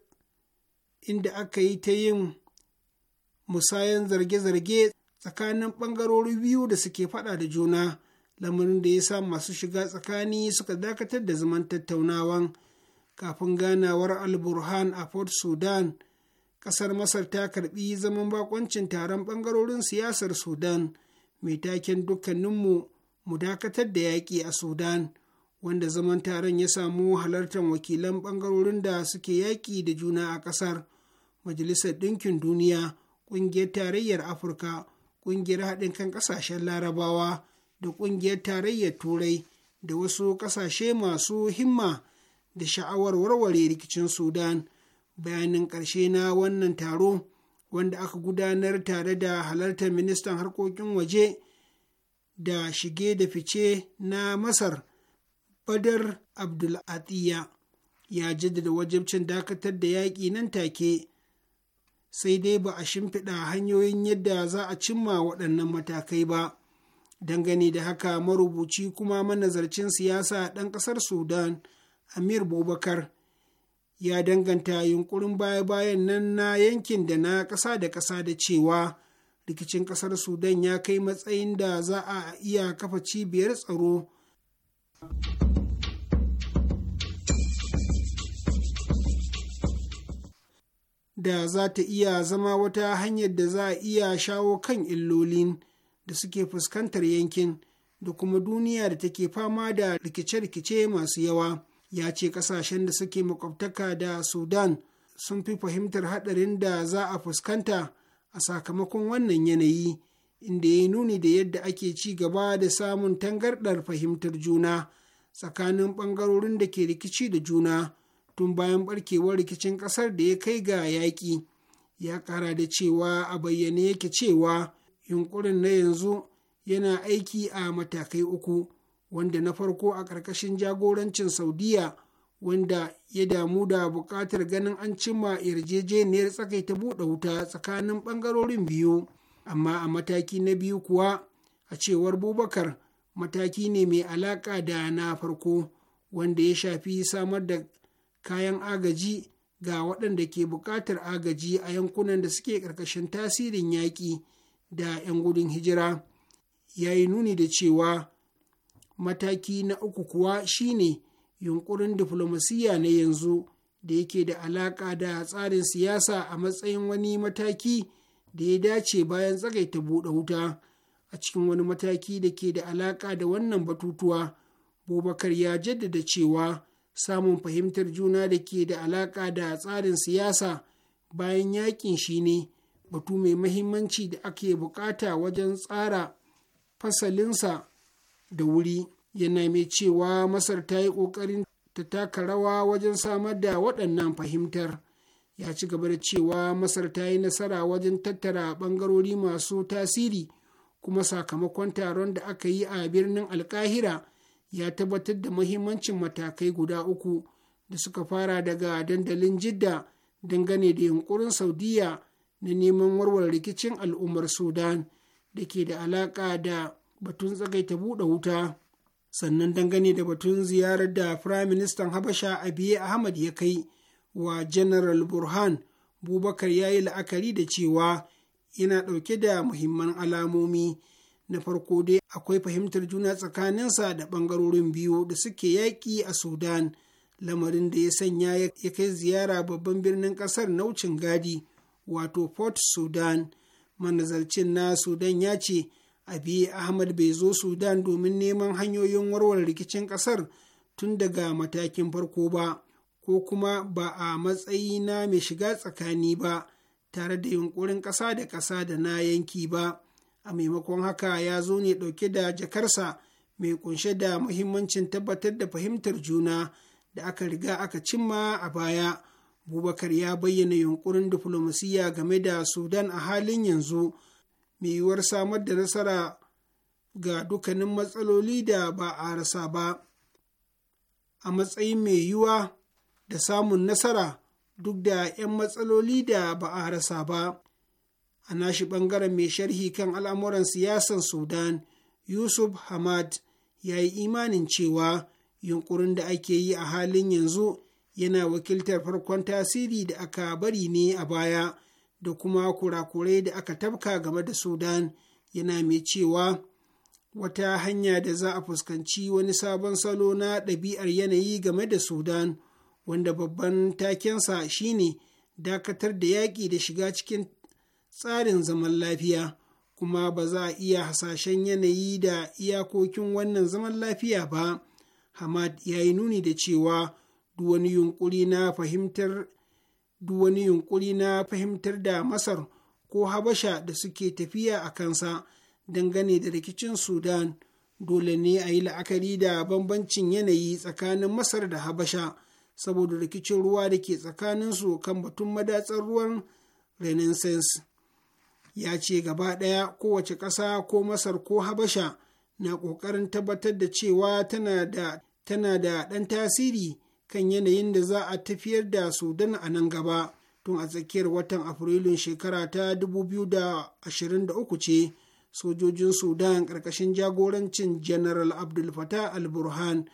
inda aka yi ta yin musayan zarge-zarge tsakanin ɓangarori biyu da suke faɗa da juna lamarin da ya sa masu shiga tsakani suka dakatar da zaman tattaunawan kafin ganawar alburhan a port sudan ƙasar masar ta karbi zaman bakoncin taron ɓangarorin siyasar sudan mai taken dukkaninmu mu dakatar da yaƙi a sudan wanda zaman taron ya samu halartar wakilan ɓangarorin da suke yaƙi da juna a ƙasar majalisar ɗinkin duniya ƙungiyar tarayyar afirka ƙungiyar haɗin kan ƙasashen larabawa da ƙungiyar tarayyar turai da wasu ƙasashe masu himma da sha'awar warware rikicin sudan bayanin ƙarshe na wannan taro wanda aka gudanar tare da halartar ministan harkokin waje da shige da fice na masar badar abdulatiya ya jaddada wajibcin dakatar da yaƙi nan take sai dai ba a shimfiɗa hanyoyin yadda za a cimma waɗannan matakai ba dangane da haka marubuci kuma manazarcin siyasa ɗan ƙasar sudan amir bubakar ya danganta yunkurin baya-bayan nan na yankin da na ƙasa da ƙasa da cewa rikicin ƙasar sudan ya kai matsayin da za a iya kafa cibiyar tsaro da za ta iya zama wata hanyar da za a iya shawo kan illolin da suke fuskantar yankin da kuma duniya da take fama da rikice-rikice masu yawa. ya ce kasashen da suke makwabtaka da sudan sun fi fahimtar haɗarin da za a fuskanta a sakamakon wannan yanayi inda ya nuni da yadda ake ci gaba da samun tangarɗar fahimtar juna tsakanin ɓangarorin da ke rikici da juna tun bayan ɓarkewar rikicin ƙasar da ya kai ga yaƙi ya ƙara da cewa a bayyane yake cewa yunkurin na yanzu yana aiki a matakai uku wanda na farko a ƙarƙashin jagorancin saudiya wanda ya damu da buƙatar ganin an cimma yarjejeniyar tsakaita buɗe wuta tsakanin ɓangarorin biyu amma a mataki na biyu kuwa a cewar bubakar mataki ne mai alaƙa da na farko wanda ya shafi samar da kayan agaji ga waɗanda ke buƙatar agaji a yankunan da suke ƙarƙashin tasirin yaƙi da 'yan gudun hijira ya yi nuni da cewa mataki na uku kuwa shine yunkurin diflomasiyya na yanzu da yake da alaƙa da tsarin siyasa a matsayin wani mataki da ya dace bayan tsagaita buɗe wuta a cikin wani mataki da ke da alaƙa da wannan batutuwa bubakar ya jaddada cewa samun fahimtar juna da ke da alaƙa da tsarin siyasa bayan yakin shi ne batu mai mahimmanci da ake bukata wajen tsara fasalinsa da wuri yana mai cewa masar ta yi ƙoƙarin ta taka rawa wajen samar da waɗannan fahimtar ya ci gaba da cewa masar ta yi nasara wajen tattara ɓangarori masu tasiri kuma sakamakon taron da aka yi a birnin alkahira ya tabbatar da muhimmancin matakai guda uku da suka fara daga dandalin jidda dangane da yunkurin saudiya na neman warware rikicin al'ummar sudan da ke da alaƙa da batun tsagaita buɗe wuta sannan dangane da batun ziyarar da firayim ministan habasha abiye ahmad ya kai wa general burhan bubakar ya yi la'akari da cewa yana ɗauke da muhimman alamomi na farko dai akwai fahimtar juna tsakaninsa da ɓangarorin biyu da suke yaƙi a sudan lamarin da ya sanya ya kai ziyara babban birnin ƙasar naucin gadi wato port sudan manazarcin na sudan ya ce a biye ahmad bai zo sudan domin neman hanyoyin warware rikicin kasar tun daga matakin farko ba ko kuma ba a matsayi na mai shiga tsakani ba tare da yunkurin ƙasa da ƙasa da na yanki ba a maimakon haka ya zo ne ɗauke da jakarsa mai kunshe da muhimmancin tabbatar da fahimtar juna da aka riga aka cimma a baya bubakar ya bayyana yunkurin diflomasiyya game da sudan a halin yanzu mai yiwuwar samar da nasara ga dukkanin matsaloli da ba a rasa ba a matsayin mai yiwuwa da samun nasara duk da 'yan matsaloli da ba a rasa ba a nashi ɓangaren mai sharhi kan al'amuran siyasan sudan yusuf hamad ya yi imanin cewa yunkurin da ake yi a halin yanzu yana wakiltar farkon tasiri da aka bari ne a baya da kuma kurakurai da aka tafka game da sudan yana mai cewa wata hanya da za a fuskanci wani sabon salo na ɗabi'ar yanayi game da sudan wanda babban takensa shine dakatar da yaƙi da shiga cikin tsarin zaman lafiya kuma ba za a iya hasashen yanayi da iyakokin wannan zaman lafiya ba hamad ya yi nuni da cewa duk wani yunƙuri na fahimtar duk wani yunkuri na fahimtar da masar ko habasha da suke tafiya a kansa dangane da rikicin sudan dole ne a yi la'akari da bambancin yanayi tsakanin masar da habasha saboda rikicin ruwa da ke tsakanin su kan batun madatsar ruwan renaissance ya ce gaba ɗaya kowace ƙasa ko masar ko habasha na ƙoƙarin tabbatar da cewa tana da ɗan tasiri kan yanayin da za a tafiyar da sudan a nan gaba tun a tsakiyar watan afrilun shekara ta 2023 ce sojojin sudan ƙarƙashin jagorancin general abdul fatah al-burhan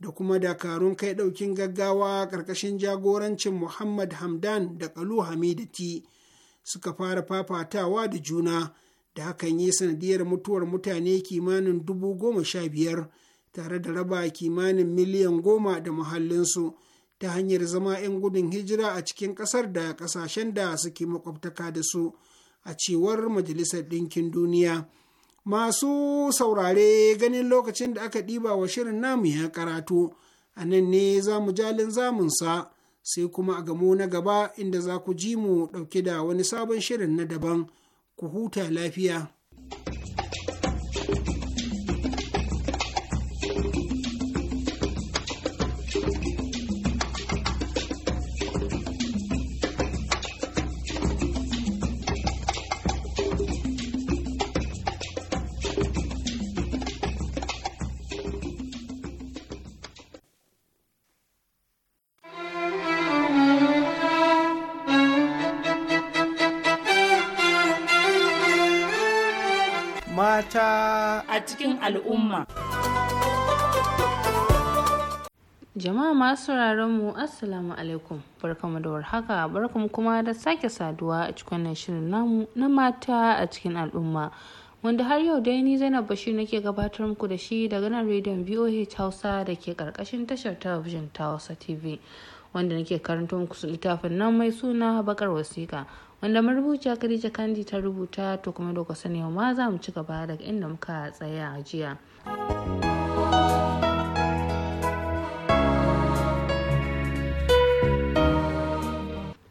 da kuma dakarun kai ɗaukin gaggawa ƙarƙashin jagorancin muhammad hamdan da kalu hamidati suka fara fafatawa da juna da hakan yi sanadiyar mutuwar mutane kimanin dubu goma sha biyar tare da raba kimanin miliyan goma da muhallinsu ta hanyar zama 'yan gudun hijira a cikin ƙasar da ƙasashen da suke makwabtaka da su a cewar majalisar ɗinkin duniya masu saurare ganin lokacin da aka ɗiba wa shirin namu ya karatu a nan ne za mu jalin zamunsa sai kuma a gamo na gaba inda za ku ji mu ɗauke da wani sabon shirin na daban ku huta lafiya. cikin al'umma. Jama'a masu mu Assalamu alaikum barkamu da warhaka barkamu kuma da sake saduwa a cikin shirin namu na mata a cikin al'umma. wanda har yau dai ni zainab bashir nake gabatar muku da shi daga nan rediyon voh hausa da ke karkashin tashar talabijin ta hausa tv wanda nake karanto muku su littafin nan mai suna bakar wasiƙa wanda marubuciya Khadija Kandi ta rubuta to kuma lokacin yau ma za mu ci gaba daga inda muka tsaya a jiya.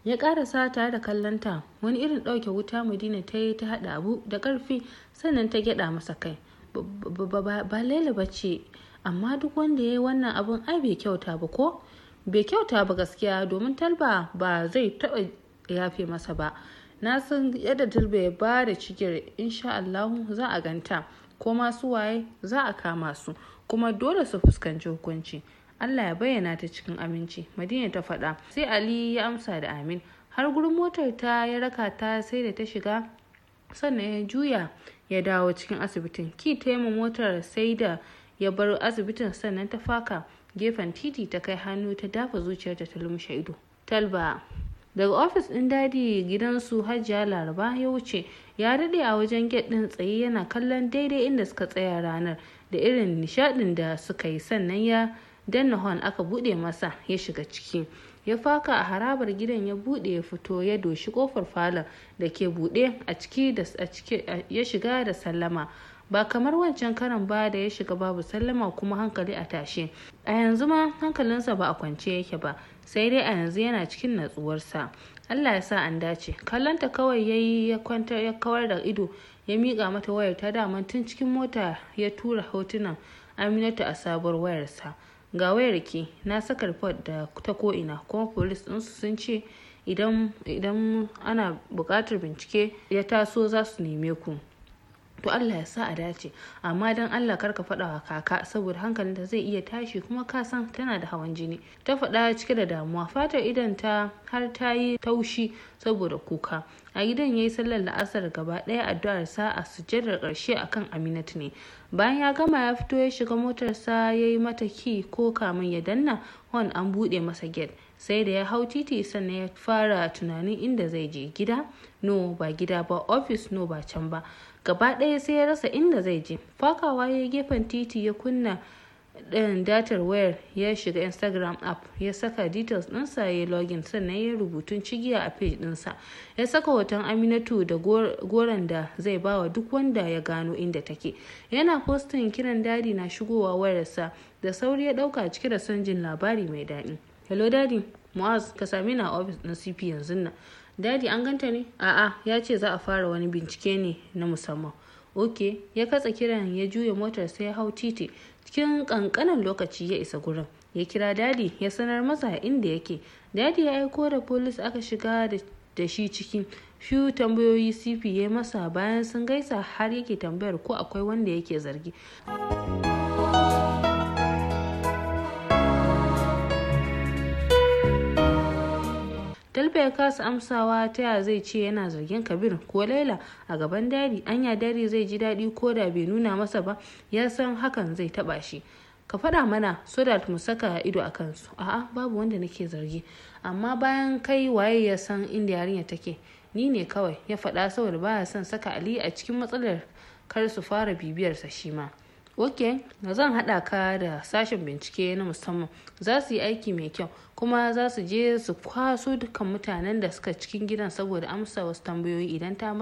ya ƙara sata da kallonta wani irin ɗauke wuta madina ta yi ta haɗa abu da karfi sannan ta gyaɗa masa kai ba laila ba ce amma duk wanda ya yi wannan abin ai bai kyauta ba ko bai kyauta ba gaskiya domin talba ba zai taɓa yafe masa ba na san yadda dirba ya ba da cikin insha allahu za a ganta ko masu waye za a kama su kuma dole su fuskanci hukunci allah ya bayyana ta cikin aminci madina ta faɗa sai ali ya amsa da amin har gurin motar ta ya raka ta sai da ta shiga sannan ya juya ya dawo cikin asibitin ki ta motar sai da ya bar asibitin sannan ta faka gefen titi ta kai hannu ta dafa zuciyarta ta lumshe ido talba daga ofis din dadi gidansu hajiya laraba ya wuce ya daɗe a wajen gate ɗin tsaye yana kallon daidai inda suka tsaya ranar da irin nishaɗin da suka yi sannan ya danna hon aka buɗe masa ya shiga ciki ya faka a harabar gidan ya buɗe ya fito ya doshi kofar falon da ke buɗe a ciki ya shiga da sallama ba kamar wancan karan ba da ya shiga babu sallama kuma hankali a tashe a yanzu ma hankalinsa ba a kwance yake ba sai dai a yanzu yana cikin natsuwarsa allah ya sa an dace kallonta kawai ya yi ya kwantar ya kawar da ido ya miƙa mata wayar ta daman tun cikin mota ya tura hotunan aminatu a sabuwar wayarsa ga wayar ki na saka report da ta ko'ina kuma polis ɗinsu sun ce idan ana buƙatar bincike ya taso za su neme ku to Allah ya sa a dace amma dan Allah karka faɗa wa kaka saboda hankalinta zai iya tashi kuma ka san tana da hawan jini ta faɗa cike da damuwa fatar idan ta har ta yi taushi saboda kuka a gidan yayi sallar sallar la'asar gaba ɗaya addu'ar sa a sujjadar ƙarshe akan aminat ne bayan ya gama ya fito ya shiga motarsa ya yi mata ki ko kamun ya danna hon an buɗe masa gate sai da ya hau titi sannan ya fara tunanin inda zai je gida no ba gida ba ofis no ba can ba gaba ɗaya sai ya rasa inda zai je fakawa ya gefen titi ya kunna ɗin eh, datar wayar ya shiga instagram app ya saka details ɗinsa ya login sannan ya rubutun cigiya a page ɗinsa ya saka hoton aminatu da goron da zai bawa duk wanda ya gano inda take yana postin kiran dadi na shigowa wayarsa da sauri ya ɗauka cike da son labari mai daɗi hello daddy mu'az ka sami ni a ofis na cp yanzu nan dadi an ganta ne a'a ya ce za a fara wani bincike ne na musamman ok ya katsa kiran ya juya motar sai ya hau titi cikin kankanin lokaci ya isa gurin ya kira dadi ya sanar masa inda yake dadi ya aiko da polis aka shiga da shi cikin fiyu tambayoyi cp ya masa bayan sun gaisa har yake tambayar ko akwai wanda yake zargi talba ya kasa amsawa ta ya zai ce yana zargin kabir ko laila a gaban dari anya dari zai ji daɗi ko da bai nuna masa ba ya san hakan zai taɓa shi ka faɗa mana so da mu saka ido a kansu a'a babu wanda nake zargi amma bayan kai waye ya san inda yarinya take ni ne kawai ya faɗa saboda baya son saka ali a cikin matsalar kar su fara bibiyarsa shi ma ok zan haɗa ka da sashen bincike na musamman za su yi aiki mai kyau kuma za su je su kwaso dukkan mutanen da suka cikin gidan saboda amsa wasu tambayoyi idan ta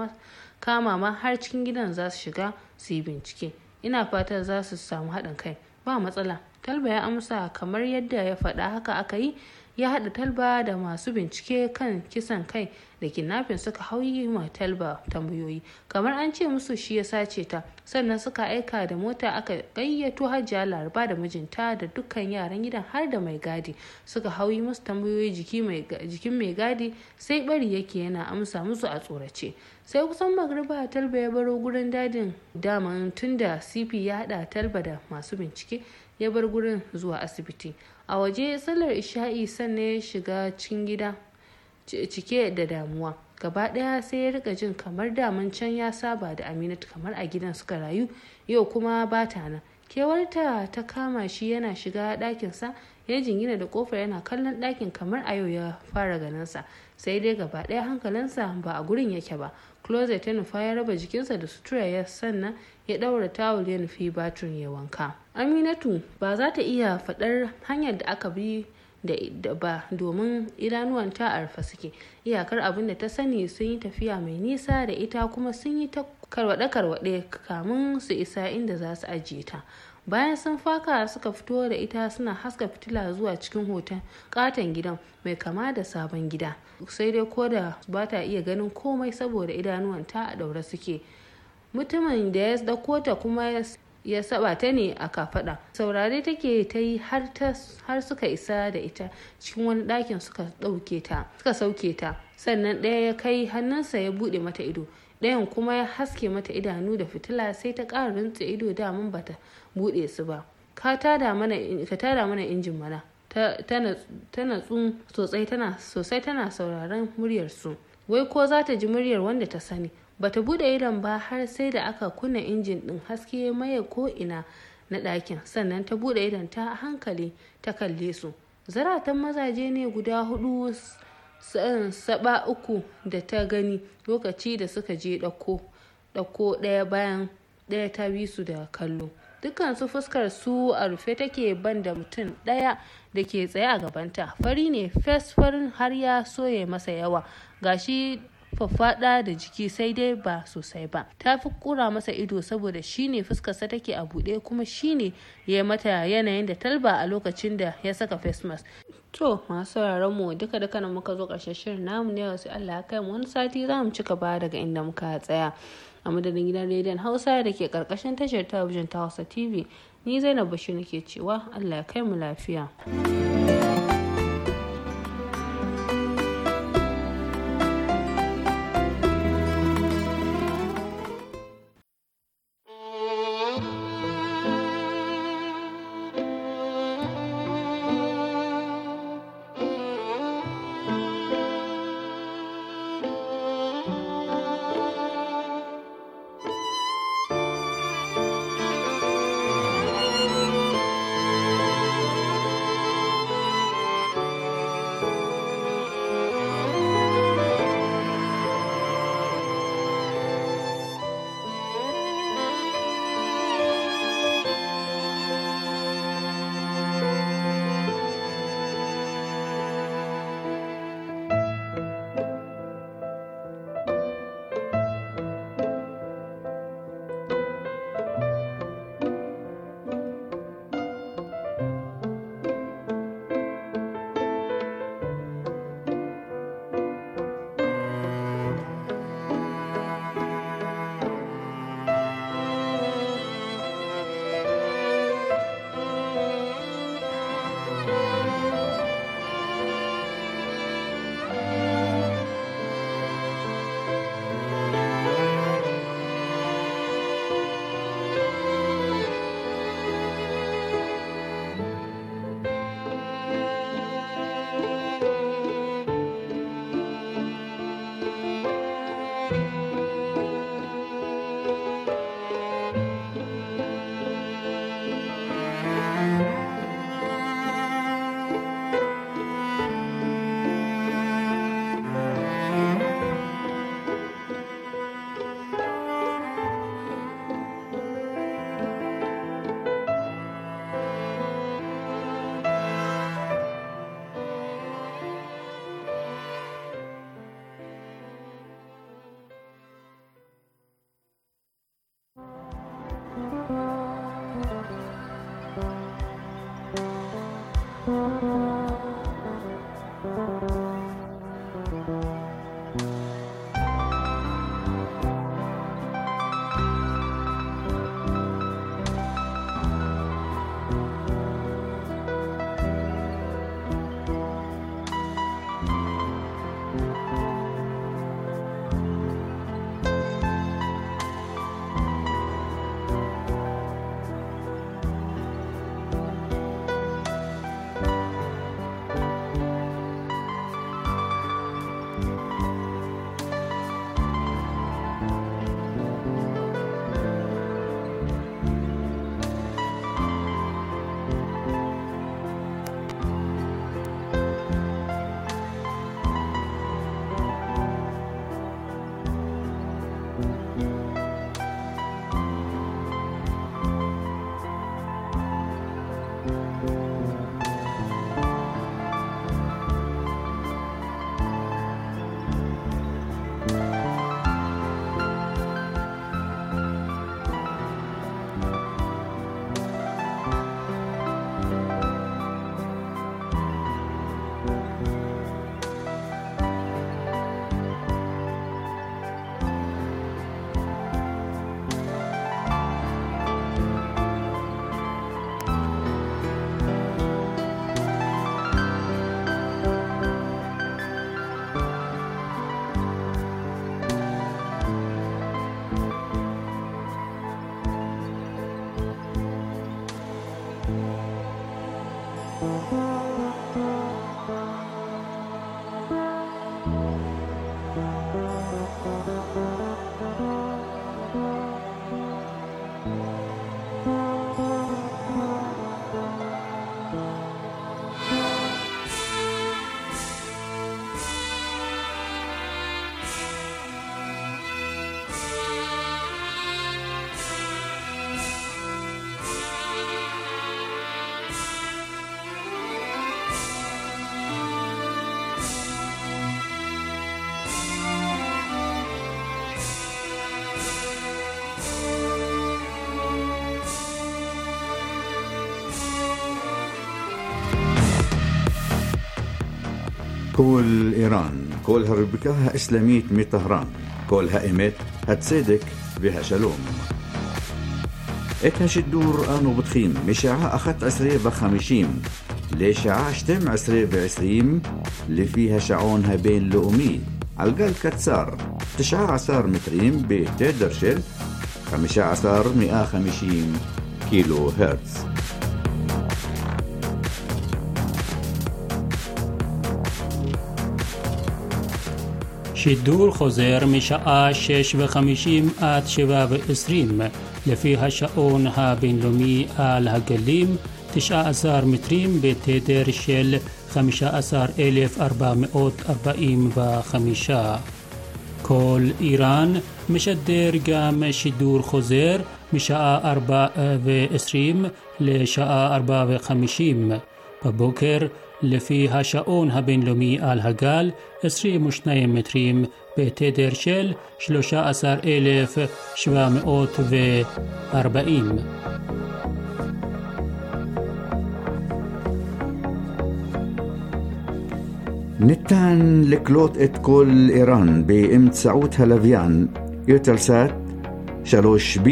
kama ma har cikin gidan za su shiga su yi bincike ina fata za su samu haɗin kai ba matsala talba ya amsa kamar yadda ya faɗa haka aka yi ya haɗa talba da masu bincike kan kisan kai da kidnapping suka hau yi ma talba tambayoyi kamar an ce musu shi ya sace ta sannan suka aika da mota aka gayyato hajiya laraba da mijinta da dukkan yaran gidan har da mai gadi suka hauyi musu tambayoyi jikin mai gadi sai bari yake yana amsa musu a tsorace sai kusan magriba talba ya baro gurin dadin daman tunda cp ya haɗa talba da masu bincike ya bar gurin zuwa asibiti a waje sallar isha'i sannan ya shiga cikin gida cike da damuwa gaba daya sai ya rika jin kamar daman can ya saba da aminatu kamar a gidan suka rayu yau kuma ba ta nan kewarta ta kama shi yana shiga ɗakinsa ya jingina da kofar yana kallon ɗakin kamar a yau ya fara ganinsa sai dai gaba ɗaya hankalinsa ba a gurin yake ba closet ya nufa ya raba jikinsa da sutura ya sannan ya ɗaura tawul ya nufi batun ya wanka aminatu ba za ta iya faɗar hanyar da aka bi da ba domin idanuwan ta arfa suke iyakar abin da ta sani sun yi tafiya mai nisa da ita kuma sun yi ta karwaɗe karwade kamun su isa inda za su ajiye ta bayan sun faka suka fito da ita suna haska fitila zuwa cikin hoton katon gidan mai kama da sabon gida sai dai ko da ba ta iya ganin komai saboda idanuwanta a daure suke mutumin da ya dauko ta kuma ya saba ta ne a kafada saurare take ta yi har suka isa da ita cikin wani ɗakin suka suka sauke ta sannan ɗaya ya kai hannunsa ya buɗe mata ido ɗayan kuma ya haske mata idanu da fitila sai ta ƙara rintse ido damun ba ta buɗe su ba ka tada mana injin mana ta natsu sosai tana sosai tana sauraron muryar su wai ko za ta ji muryar wanda ta sani bata buɗe idon ba har sai da aka kunna injin ɗin haske maye ko ina na ɗakin sannan ta buɗe idon ta hankali ta kalle su zaratan mazaje ne guda hudu saba uku da ta gani lokaci da suka je ɗauko ɗauko ɗaya bayan ɗaya ta bi su da kallo dukansu fuskar su a rufe take banda mutum ɗaya da ke tsaye a gabanta fari ne fes farin har ya soye masa yawa gashi faffada da jiki sai dai ba sosai ba ta fi kura masa ido saboda shine fuskarsa take a buɗe kuma shine ya mata yanayin da talba a lokacin da ya saka face to masu sauraron mu duka duka nan muka zo ƙarshen shirin namu ne wasu Allah kai mu wani sati za mu ci gaba daga inda muka tsaya a madadin gidan rediyon Hausa da ke karkashin tashar talabijin ta Hausa TV ni Zainab Bashir nake cewa Allah ya kai mu lafiya. كل إيران كلها ربكها إسلاميت مي طهران كلها إيمت هتصدق بها شلوم إتهش الدور آنو بتخيم مشاعة أخت عسرية بخمشيم لشاعة شتم عسرية بعسريم اللي فيها شعونها بين لؤمي عالقال كتسار تشعة عصار مترين بتدرشل خمشة عصار مئة خمشيم كيلو هرتز שידור חוזר משעה 6 ו עד 7 ו לפי השעון הבינלאומי על הגלים 19 מטרים בתדר של 15,445. כל איראן משדר גם שידור חוזר משעה 4.20 לשעה 4.50. בבוקר לפי השעון הבינלאומי על הגל 22 מטרים בתדר של 13,740. ניתן לקלוט את כל איראן באמצעות הלוויין יוטלסאט 3B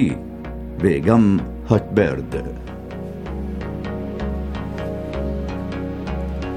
וגם הוטברד.